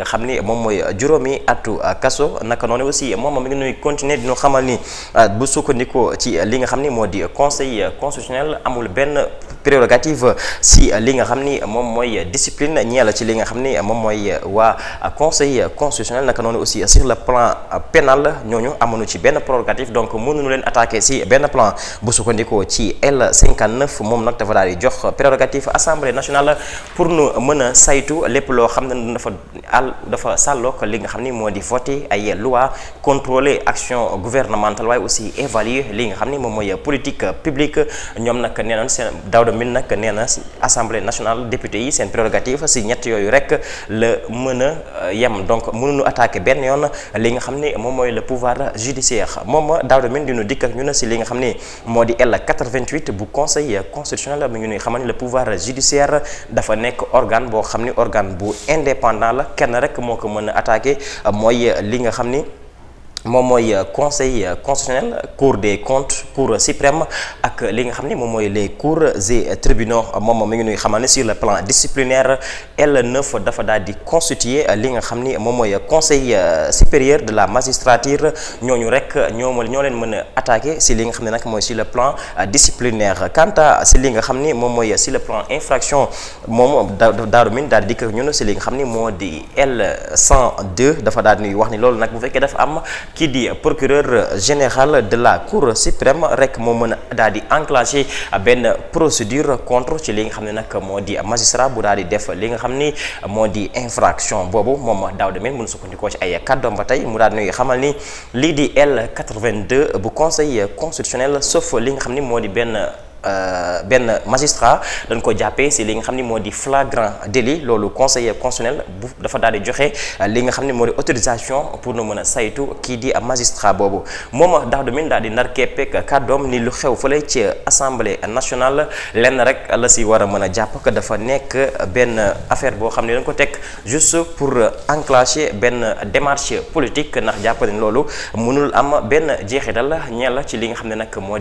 nga xam ni moom mooy juróomi atu kaso naka noonu aussi moom mi ngi nuy continuer di ñu ah, ci li nga xam ni moo di conseil constitutionnel amul benn prérogative si li nga xam ni moom mooy discipline ñeel ci li nga xam ni moom mooy waa conseil constitutionnel naka noonu aussi sur le plan pénal ñooñu amuñu ci benn prérogative donc mënuñu leen attaquer si benn plan bu sukkandikoo ci L59 moom nag dafa daal di jox prérogative assemblée nationale pour nu mën a saytu lépp loo xam ne dafa àll daal dafa sàllook li nga xam ni moo di voté ay loi contrôler action gouvernementale waaye aussi évaluer li nga xam ni moom mooy yi seen prérogative si ñett yooyu la a euh, yem donc li nga xam ni mooy pouvoir judiciaire moom Daouda Mine dinu dikk ñu na si li nga xam ni moo di L 88 bu conseil constitutionnel mi ngi nuy xamal ni le pouvoir judiciaire dafa nekk organe boo xam ni organe bu indépendant la kenn rek moo ko mën a attaqué euh, mooy euh, li nga xam ni moom mooy euh, conseil euh, constitutionnel cour des comptes cour suprême ak li nga xam ne moom mooy les cours et tribunaux moom mi ngi nuy xamal ne sur le plan disciplinaire L9 dafa daal di constituer li nga xam ni moom mooy conseil euh, supérieur de la magistrature ñooñu rek ñoom ñoo leen mën a attaquer si li nga xam ne nag mooy sur le plan disciplinaire quant si li nga xam ni moom mooy sur le plan infraction moom daaru min daal di dikk ñun si li nga xam ni moo di L102 dafa daal di nuy wax ni loolu nag bu fekkee dafa am kii di procureur général de la cour suprême rek moo mën a daal di enclenché benn procédure contre ci li nga xam ne nag moo di magistrat bu daal di def li nga xam ni moo di infraction boobu moom daaw demee mën sukkandikoo ci ay kàddoom ba tey mu daal nuy xamal ni lii di L 82 bu conseil constitutionnel sauf li nga xam ni moo di benn. Euh, benn magistrat dañ ko jàppee si li nga xam ni moo di flagrant délit loolu conseiller constitutionnel bu dafa daal di joxe euh, li nga xam ne moo di autorisation pour nu mën a saytu kii di magistrat boobu moom daax du min daal di nar keppeek kàddoom ni lu xew fële ci assemblée nationale lenn rek la si war a mën a jàpp que dafa nekk benn affaire boo xam ne dañ ko teg juste pour enclencher benn démarche politique ndax jàpp ne loolu mënul am benn jeexital ñeel nag moo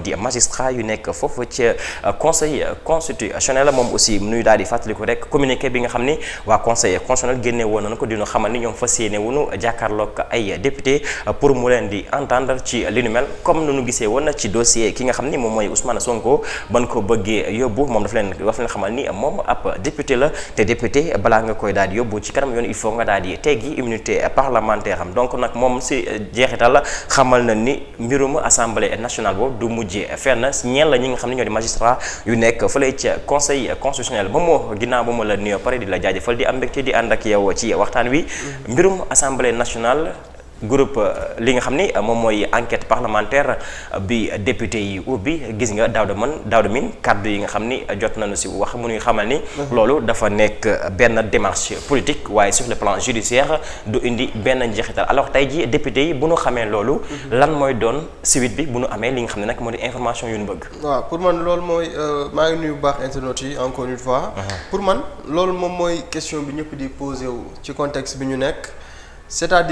ci euh, conseil euh, constitutionnel moom aussi nuyu daal di fàttaliku rek communiqué bi nga xam ni waa conseil constitutionnel génne woon nañu ko dina xamal ni ñoom fas yéene wuñu jàkkaarloog ay député euh, pour mu leen di entendre ci li comme nu nu gisee woon ci dossier ki nga xam ni moom mooy Ousmane Sonko ban ko bëggee yóbbu moom dafa leen dafa leen xamal ni moom ab député la te député balaa nga koy daal yóbbu ci kanam yoon il faut nga daal teggi immunité parlementaire magistrat yu nekk fële ca conseil constitutionnel ba moo ginnaaw ba ma la nuyoo pare di la jaajëfal di am mbégte di ànd ak yow ci waxtaan wi mm-hmm. mbirum assemblée nationale groupe euh, li nga xam ni euh, moom mooy enquête parlementaire euh, bi député yi ubbi gis nga Daouda Man Daouda Mine kàddu yi nga xam ni jot nañu si wax mu ñuy xamal ni. Mhm. loolu dafa nekk benn démarche politique waaye sur le plan judiciaire du indi benn njeexital alors tey jii député yi bu ñu xamee loolu. Mhm. lan mooy doon suite bi bu nu amee li nga xam ne nag moo di information yu ñu bëgg. waaw pour man loolu mooy maa ngi nuyu bu baax internet yi encore une fois. Mhm. pour man loolu moom mooy question bi ñëpp di posé wu ci contexte bi ñu nekk cest à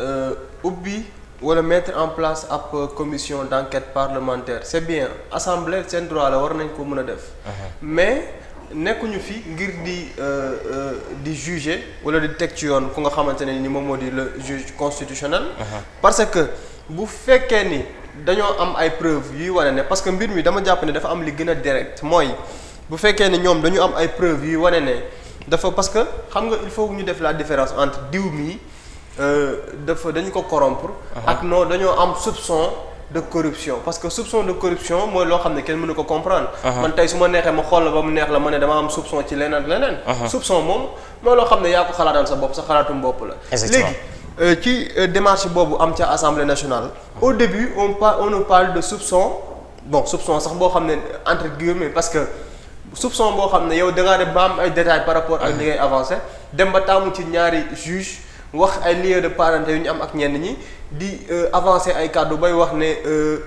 Euh, ubbi wala mettre en place ab euh, commission d'enquête parlementaire c'est bien assemblée seen droit la war nañ ko mën a def uh-huh. mais nekkuñu fi ngir di euh, di juger wala di teg ci yoon ku nga xamante ne ni moom moo di le juge constitutionnel uh-huh. parce que bu fekkee ni dañoo am ay preuves yuy wane ne parce que mbir mi dama jàpp ne dafa am li gën a direct mooy bu fekkee ne ñoom dañu am ay preuves yuy wane ne dafa parce que xam nga il faut ñu def la différence entre diw mii Euh, dafa dañu ko corompre ak non dañoo am soupçon de corruption parce que soupçon de corruption mooy loo xam ne kenn mënu ko comprendre. man tey su ma neexee ma xool la ba mu neex la ma ne dama am soupçon ci leneen leneen. soupçon moom mooy loo xam ne yaa ko xalaatal sa bopp sa xalaatum bopp la. léegi. Euh, ci euh, démarché boobu am ca assemblée nationale. au début on par on nous parle de soupçon bon soupçon sax boo xam ne entre guillemets parce que soupçon boo xam ne yow da ngaa dem ay détails par rapport ak li dem ba taamu ci ñaari juge wax ay lien de parenté yu ñu am ak ñenn ñi di euh, avancer ay kàddu bay wax ne euh,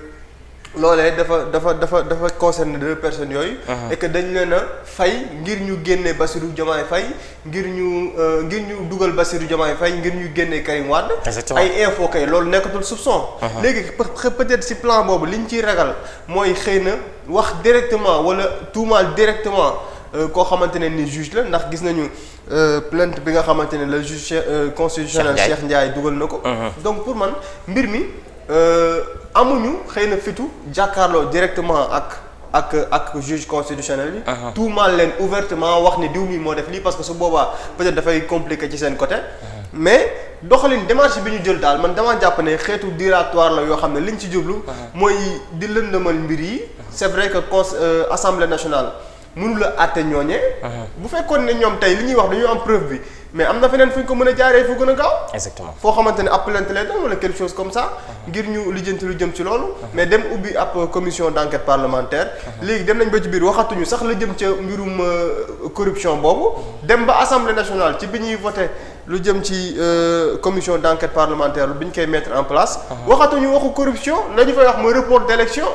loolee dafa dafa dafa dafa concerné deux personnes yooyu. Uh-huh. et que dañ leen a fay ngir ñu génne Bassirou Diomaye Faye ngir ñu euh, ngir ñu dugal Bassirou Diomaye Faye ngir ñu génne Karim Wade. ay info kay loolu nekkatul soupçon. Uh-huh. léegi peut-être ci plan boobu li ñu ciy ragal mooy xëy na wax directement wala tuumaal directement koo xamante ne ni juge la ndax gis nañu. Euh, plant bi nga xamante ne le juge euh, constitutionnel Cheikh Ndiaye dugal na ko uh-huh. donc pour man mbir mi euh, amuñu xëy na fitu jàkkaarloo directement ak ak ak juge constitutionnel bi. Uh-huh. tout mal leen ouvertement wax ni diw mi moo def lii parce que su booba peut-être dafay compliqué ci seen côté. Uh-huh. mais doxalin démarche bi ñu jël daal man damaa jàpp ne xeetu dilatoire la yoo xam ne liñ ci jublu. mooy di lëndëmal mbir yi. c'est vrai que cons assemblée nationale. mënu la àtte ñooñee. bu fekkoon ne ñoom tey li ñuy wax dañoo am preuve bi mais am na feneen fu ñu ko mën a jaaree fu gën a gaaw. exactement foo xamante ne ab plainte lay doon wala quelque chose comme sax ngir ñu lijjanti lu jëm ci loolu. mais dem ubbi ab commission d' enquête parlementaire. léegi dem nañ ba ci biir waxatuñu sax la jëm ca mbirum euh, corruption boobu. dem ba assemblée nationale ci bi ñuy voté lu jëm ci euh, commission d' enquête parlementaire bi ñu koy mettre en place. waxatuñu waxu corruption la ñu fay wax mooy report d' élection.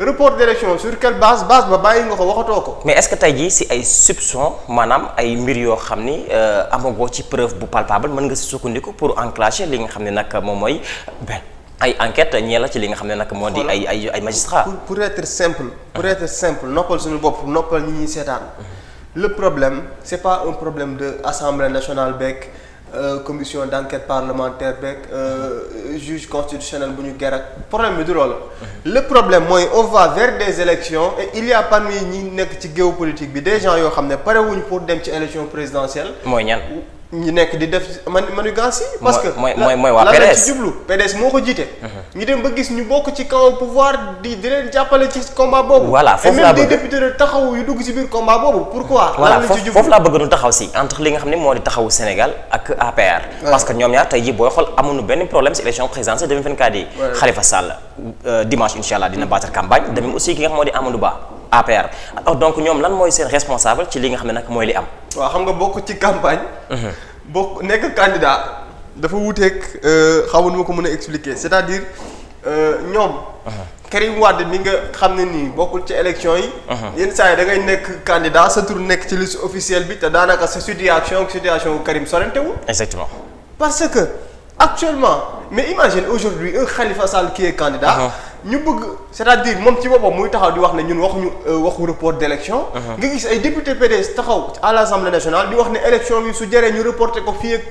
report d'élection sur quelle base base ba bàyyi nga ko waxatoo ko. mais est-ce que tey jii si ay soupçon maanaam ay mbir yoo xam ni euh, amagoo ci preuve bu palpable mën nga si sukkandiku pour enclencher li nga xam ne nag moom mooy ay enquête ñee la ci li nga xam ne nag moo di. ay ay ay magistrats. pour pour être simple. pour être simple noppal suñu bopp noppal ñi ñuy seetaan. le problème c'est pas un problème de assemblée nationale beeg. Euh, commission d'enquête parlementaire beeg euh, juge constitutionnel bu ñu ger problème bi du loolu le problème mooy on vers des élections et il y a parmi ñi nekk ci géopolitique bi des gens yoo xam ne parewuñ pour dem ci élection présidentielle mooy ñan ñi nekk di def man manigance yi. parce que mooy mooy mooy waa PDS moo ko jiite. Mhm. ñu dem ba gis ñu bokk ci kaw pouvoir di di leen jàppale ci combat boobu. voilà foofu laa bëgg et même dugg ci biir combat boobu pourquoi. lan la ci jublu voilà nu taxaw si entre li nga xam ne moo di taxawu Sénégal ak APR. parce que ñoom ñaar tey jii booy xool amuñu benn problème si élection présidentielle 2024 yi. Khalifa Sall euh, dimanche incha dina battre campagne de même aussi ki nga xam moo di Amadou Ba APR. donc ñoom lan mooy seen responsable ci li nga xam ne nag mooy li am waa xam nga bokk ci campagne. Uh-huh. bokk nekk candidat dafa wuuteeg euh, xaw ma ko mën a expliquer c'est-à-dire euh, ñoom. Uh-huh. Karim Wade mi nga xam ne ni bokkul ci élection yi. Uh-huh. yenn saa yi dangay nekk candidat sa tur nekk ci liste officielle bi te daanaka sa situation ak situation wu Karim sorentewul. exactement parce que actuellement mais imagine aujourd'hui un Khalifa Sall qui est ñu bëgg c'est-à-dire moom ci boppam muy taxaw di wax ne ñun waxuñu euh, waxu report d'élection uh-huh. nga gis ay député PDS taxaw à l'Assemblée nationale di wax ne élection bi su jëree ñu reporté ko fii ak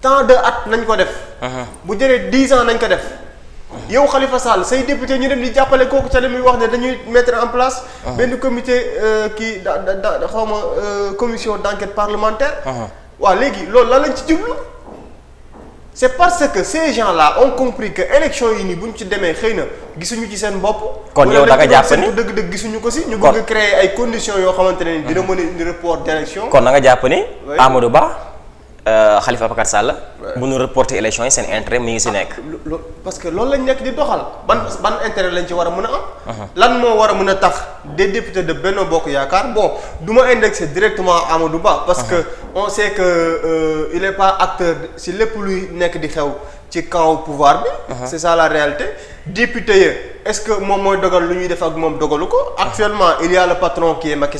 tant de at nañ ko def uh-huh. bu jëree dix ans nañ ko def uh-huh. yow xalifa Sall say député ñu dem di jàppale kooku ca li muy wax ne dañuy mettre en place benn comité euh, kii da da xaw ma euh, commission d'enquête parlementaire waa léegi loolu lan lañ ci jublu c'est parce que ces gens-là ont compris que élection yi nii bu ñu ci demee xëy na gisuñu ci seen bopp. kon yow da nga jàpp ni dëgg-dëgg gisuñu ko si. ñu bëgg créer ay conditions yoo xamante ne dina mën a indi report d'élection. kon da nga jàpp ni Amadou Ba. Euh, Khalifa Abacar Sall. waaw mënu reporter élection yi seen intérêt mi ngi si nekk. Ah, parce que loolu lañ nekk di doxal. ban ban intérêt lañ ci war a mën a am. Uh-huh. lan moo war a mën a tax des députés de Benno Bokk Yaakaar bon du ma indexé directement Amadou Ba. parce uh-huh. que on sait que euh, il est pas acteur si lépp luy nekk di xew ci camp pouvoir bi. Uh-huh. c'est ça la réalité député yi. est-ce que moom mooy dogal lu ñuy def ak moom dogalu ko actuellement il y a le patron qui est Macky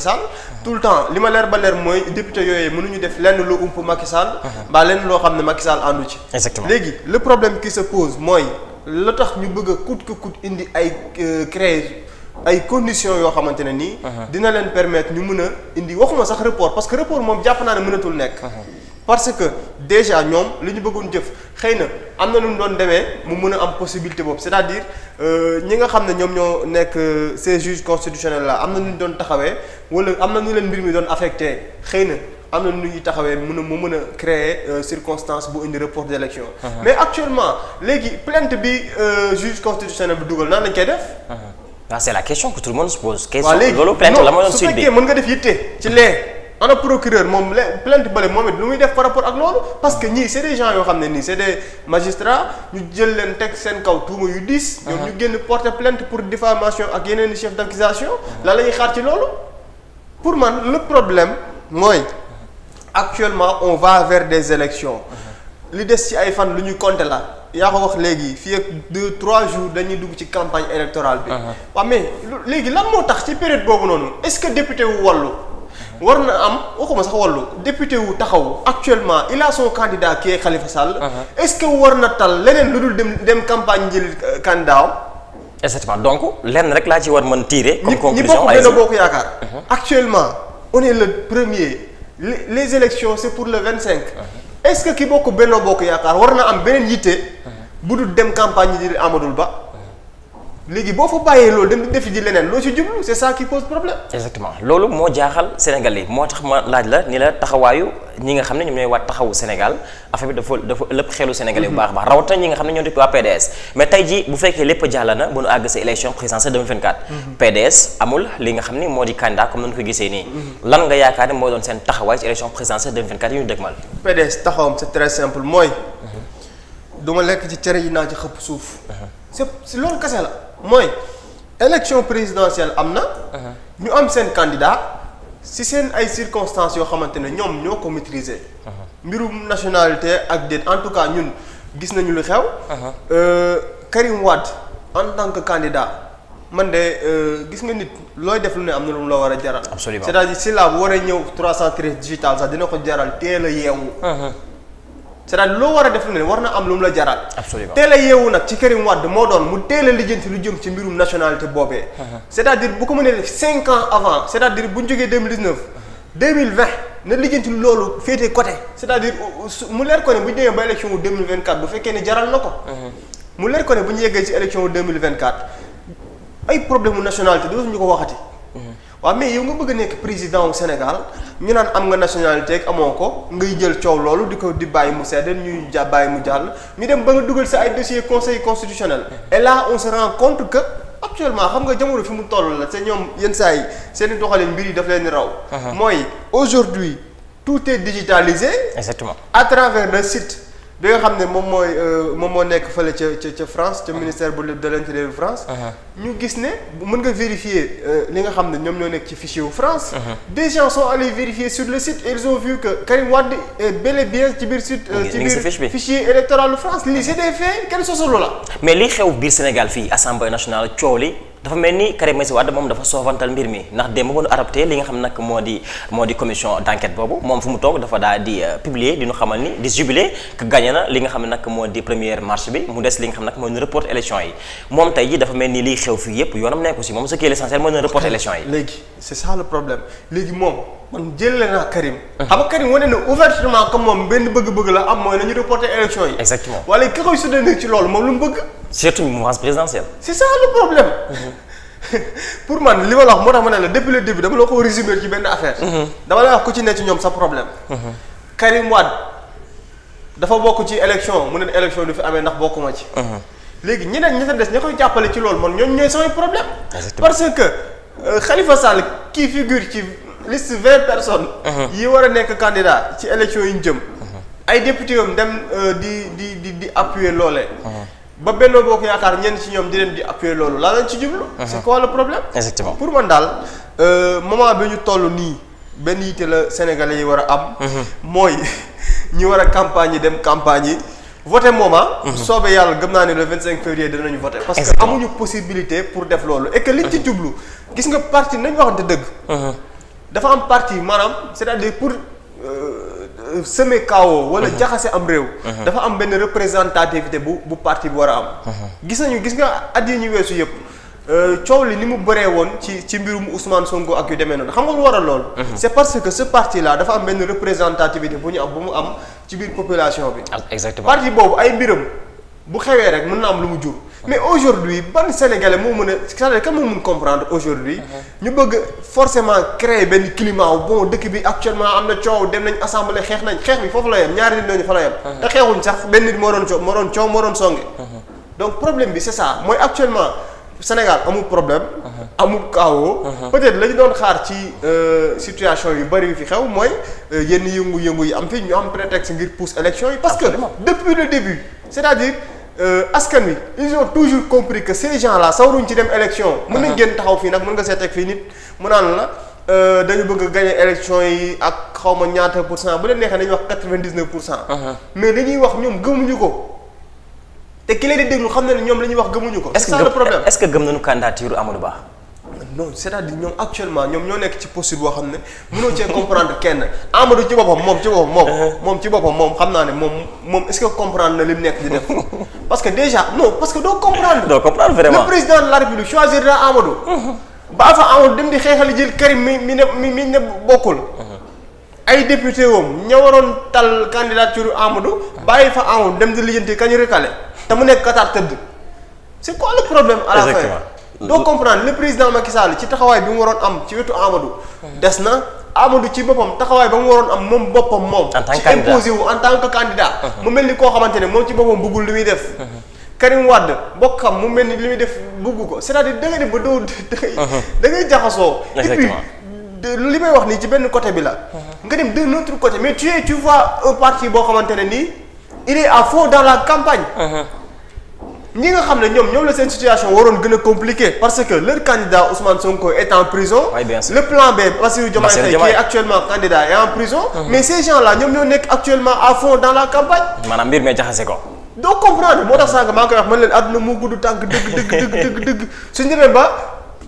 tout le temps li ma leer ba leer mooy député yooyu mënuñu def lenn lu ump Macky Sall mbaa lenn loo xam ne Macky Sall àndu ci exactement léegi le problème qui se pose mooy la tax ñu bëgg a coûte que coûte indi ay euh, créer ay conditions yoo xamante ne nii dina leen permettre ñu mën a indi waxuma sax report parce que report moom jàpp naa ne mënatul nekk parce que déjà ñoom li ñu bëggoon jëf xëy na am na lu mu doon demee mu mun a am possibilité boobu c'est-à-dire euh, ñi nga xam ne ñoom ñoo nekk euh, ces juges constitutionnels là am na nu ñu doon taxawee wala am na nu leen mbir mi doon affecté xëy na am na nu ñuy taxawee mën a mu mën a créer euh, circonstance bu indi report d'élection uh-huh. mais actuellement léegi plainte bi juge constitutionnel bi dugal naan lañ koy def waaw uh-huh. c'est la question que tout le monde se pose. question loolu ma doon nga def yitte ci lee. man ana procureur moom la plainte bële moom it lu muy def par rapport ak loolu parce que ñii c'est des gens yoo xam ne nii c'est des magistrats ñu jël leen teg seen kaw tuuma yu diis. ñoom ñu ah. génn porter plainte pour diffamation ak yeneen i chef d'accusation. la ñuy xaar ci loolu. pour man le problème mooy actuellement on va vers des élections ah. li des ci ay fan lu ñu compter la yaa ko wax léegi fii ak deux trois jours dañuy dugg ci campagne électorale bi. Ah. waaw mais léegi lan moo tax période boobu noonu est-ce que député wu wallu war na am waxuma sax wàllu député wu taxaw actuellement il a son candidat qui est uh-huh. est-ce que war na tal leneen lu dul dem dem campagne jël euh, candidat exactement donc lenn rek laa ci war mën tiire comme conclusion ay ñi bokk benn bokk yaakaar. Uh-huh. actuellement on est premier les élections c'est pour le vingt cinq. Uh-huh. est-ce que ki bokk benn bokk yaakaar war na am beneen yitte. bu dul dem campagne yi di Amadou Ba. léegi boo fa bàyyee loolu dem defi ji leneen loo ci jublu c'est ça qui cause problème. exactement loolu moo jaaxal Sénégal yi moo tax ma laaj la ni la taxawaayu ñi nga xam ne a mm-hmm. ñoo di waa PDS mais tey jii bu fekkee lépp jàll ba nu àgg sa élection présidentielle 2024. Mm-hmm. PDS amul li nga xam ne moo di candidat comme ni ñu ko gisee nii. Mm-hmm. lan nga yaakaar ne moo doon seen taxawaay ci élection présidentielle du ma lekk ci cere yi naa ci xëpp mooy élection présidentielle am na. Uh-huh. ñu am seen candidat si seen ay circonstances yoo xamante ne ñoom ñoo ko maîtriser. Uh-huh. mbirum nationalité ak déet en tout cas ñun gis nañu lu xew. Uh-huh. Euh, Karim Wade en tant que candidat. man de euh, gis nga nit looy def lu ne am na lu mu la war a jaral. absolument c'est-à-dire la bu war a ñëw 313 digital sax dina ko jaral teel a yeewu. c'est-à-dire loo war a def lu ne war na am lu mu la jaral. absolument a yeewu nag ci Karim Wade moo doon mu teel a lijjanti lu jëm ci mbirum nationalité boobee. Uh-huh. c'est-à-dire bu ko mënee def cinq ans avant c'est-à-dire bu ñu jógee deux mille dix neuf. deux mille vingt na lijjanti loolu féete côté. c'est-à-dire mu leer ko ne bu ñu demee ba élection wu deux mille vingt quatre bu fekkee ne jaral na ko. Uh-huh. mu leer ko ne bu ñu yeggee ci élection wu deux mille vingt quatre ay problème mu nationalité dootuñu ko waxati. waaw mais yow nga bëgg a nekk président wu Sénégal ñu naan am nga nationalité ak amoon ko ngay jël coow loolu di ko di bàyyi mu sedd ñuy ja bàyyi mu jàll ñu dem ba nga dugal sa ay dossier conseil constitutionnel et là on se rend compte que actuellement xam nga jamono fi mu toll la te ñoom yenn saa yi seen i doxalin mbir yi daf leen raw uh-huh. mooy aujourd'hui tout est digitalisé exactement à travers de site bi nga xam ne moom mooy euh, moom moo nekk fële ca ca ca France ca ah. ministère bu de l'intérieur bu France. Ah, ah. ñu gis ne mën nga vérifier euh, li nga xam ne ñoom ñoo nekk ci fichier wu France. des gens sont allés vérifier sur le site et ils ont vu que Karim Wade est bien ci biir site. Euh, ci biir fichier électoral de France lii c'est des faits kenn sosalu la. mais li xew biir Sénégal fii assemblée nationale coow li dafa mel ni Karim Meïssa Wade moom dafa soofantal mbir mi ndax démb mënu adopté li nga xam nag moo di moo di commission d'enquête boobu moom fu mu toog dafa daal di euh, publier di xamal ni di jubilé que gagné na li nga xam ne moo di première marche bi mu des li nga xam nag mooy ñu report élection yi moom tey ji dafa mel ni liy xew fii yépp yoonam nekku si moom ce qui est l'essentiel report élection yi léegi c'est ça le problème léegi moom man jëlee bëgg-bëgg la am mooy nañu wala ki koy loolu moom lu bëgg surtout mouvance présidentielle. c'est ça le problème. Mhm. pour man li ma la moo tax ma ne la depuis le début dama la ko résumer ci benn affaire. Mhm. dama la wax ku ci ne ci ñoom sa problème. Mhm. Karim Wade dafa bokk ci élection mu ne élection du fi amee ndax bokkuma ci. léegi ñeneen ñi sa des ña koy jàppale ci loolu man ñoom ñooy samay problème. parce que euh, Khalifa Sall ki figure ci liste vingt personnes. yi war a nekk candidat ci élection yi ñu jëm. ay député yom dem euh, di di di di appuyer loolee. ba Benno Bokk Yaakaar ñenn ci ñoom di leen di appuyer loolu laa lañ ci jublu. c'est quoi le problème. pour man daal euh, moment bi ñu toll nii benn yitte la Sénégalais yi war a am. Mhm. mooy ñi war a campagne yi dem campagne yi. voté moment. Ah. Mhm. soobee yàlla gëm naa ne le 25 février dinañu voté. parce que amuñu possibilité pour def loolu. et que liñ ci mhm. jublu gis nga parti nañ waxante dëgg. dafa am parti maanaam c'est-à-dire pour. Euh, semé kawo wala uh-huh. jaxase am réew uh-huh. dafa am benn représentativité bu bu parti bi war a am uh-huh. gis nañu gis nga at yi ñu weesu yëpp euh, coow li ni mu bëree woon ci ci mbirum Ousmane Sonko ak yu demee noonu xam nga lu war a lool. c'est parce que ce parti la dafa am benn représentativité bu ñu am bu mu am ci biir population bi. Ah, exactement parti boobu ay mbiram bu xewee rek mën na am lu mu jur. mais aujourd'hui ban sénégalais moo mën a c'est-à-dire kan moo mën comprendre aujourd'hui uh-huh. ñu bëgg forcément créer benn climat wu bon dëkk bi actuellement am na coow dem nañ assemblée xeex nañ xeex bi foofu la yem ñaari nit ñooñu fa la yem. Uh-huh. te xeexuñ sax benn nit moo doon coow moo doon coow moo doon songe. Uh-huh. donc problème bi c'est ça mooy actuellement Sénégal amul problème. amul kaawoo. peut-être la doon xaar ci euh, situation yu bari yu fi xew mooy euh, yenn yëngu-yëngu yi am fi ngir pousse élection yi. parce que depuis le Euh, askan wi ils ont toujours compris que ces gens là sawaruñ ci dem élection. mën nañ génn taxaw fii nag mën nga seet fii nit mu naan la. Euh, dañu bëgg a gagné yi ak xaw ma ñaata pour cent bu leen neexee dañuy wax quatre vingt dix neuf pour cent. mais dañuy wax ñoom gëmuñu ko. te ki leen di déglu xam na ne ñoom la ñuy wax gëmuñu ko. c'est ça le problème est-ce que gëm nañu candidature Amadou Ba. non c'est-à-dire ñoom actuellement ñoom ñoo nekk ci posture boo xam ne mënoo cee comprendre kenn Amadou ci boppam moom ci boppam moom uh-huh. moom ci boppam moom xam naa ne moom moom est-ce que comprendre na li mu nekk di def parce que déjà non parce que doo comprendre doo comprendre vraiment le président de la République choisir na Amadou uh-huh. ba fa Amadou dem di xeexali jël Karim mi mi ne mi ne bokkul uh-huh. ay député woom ña waroon tal candidature Amadou bàyyi fa Amadou dem di lijjanti kañu recalé te mu nekk Qatar tëdd c'est quoi le problème à doo comprendre le président Macky Sall ci taxawaay bi mu waroon am ci wetu Amadou. des na Amadou ci boppam taxawaay ba mu waroon am moom boppam moom. en tant que candidat ci imposé en tant que candidat. Mm-hmm. mu mel ni koo xamante ne moom ci boppam bëggul li muy def. Mm-hmm. Karim Wade bokkam mu mel ni li muy def bëgg ko c'est-à-dire da nga dem ba doo mm-hmm. da ngay. jaxasoo. exactement et puis li may wax nii ci benn côté bi la. nga dem de l'autre côté mais tu es tu vois un parti boo xamante ne nii il est à fond dans campagne. ñi nga xam ne ñoom ñoom la seen situation waroon gën a compliqué parce que leur candidat Ousmane Sonko est en prison le plan B Bassirou Diomaye Faye qui est actuellement candidat est en prison mhm. mais ces gens là ñoom ñoo nekk actuellement à fond dans la campagne maanaam mbir mi jaxase ko doo comprendre moo tax sànq maa ngi koy wax man leen àdduna mu gudd tànk dëgg dëgg dëgg dëgg dëgg suñu demee ba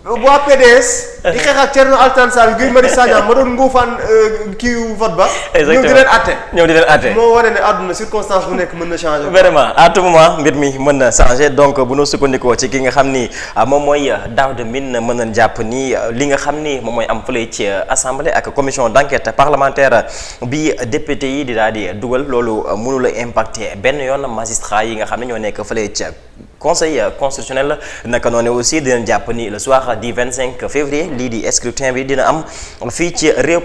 waa PDS. di xeex ak Thierno Alassane Sall Guy Marius Sagna ma doon nguufaan euh, kii vote ba. exactement ñëw di leen àtte. ñëw di leen àtte moo wane ne àdduna circonstance bu nekk mën na changer. vraiment à tout moment mbir mi mën na changer donc bu ñu sukkandikoo ci ki nga xam ni ah, moom mooy euh, minn na mën nañ jàpp ni euh, li nga xam ni moom mooy am fële ci assemblée ak commission d' enquête parlementaire bi député yi di daal di dugal loolu mënula impacter benn yoon magistrat yi nga xam ne ñoo nekk fële ca. conseil euh, constitutionnel naka noonu aussi dinañ jàpp ni le soir du 25 février lii di scrutin bi dina am fii ci réew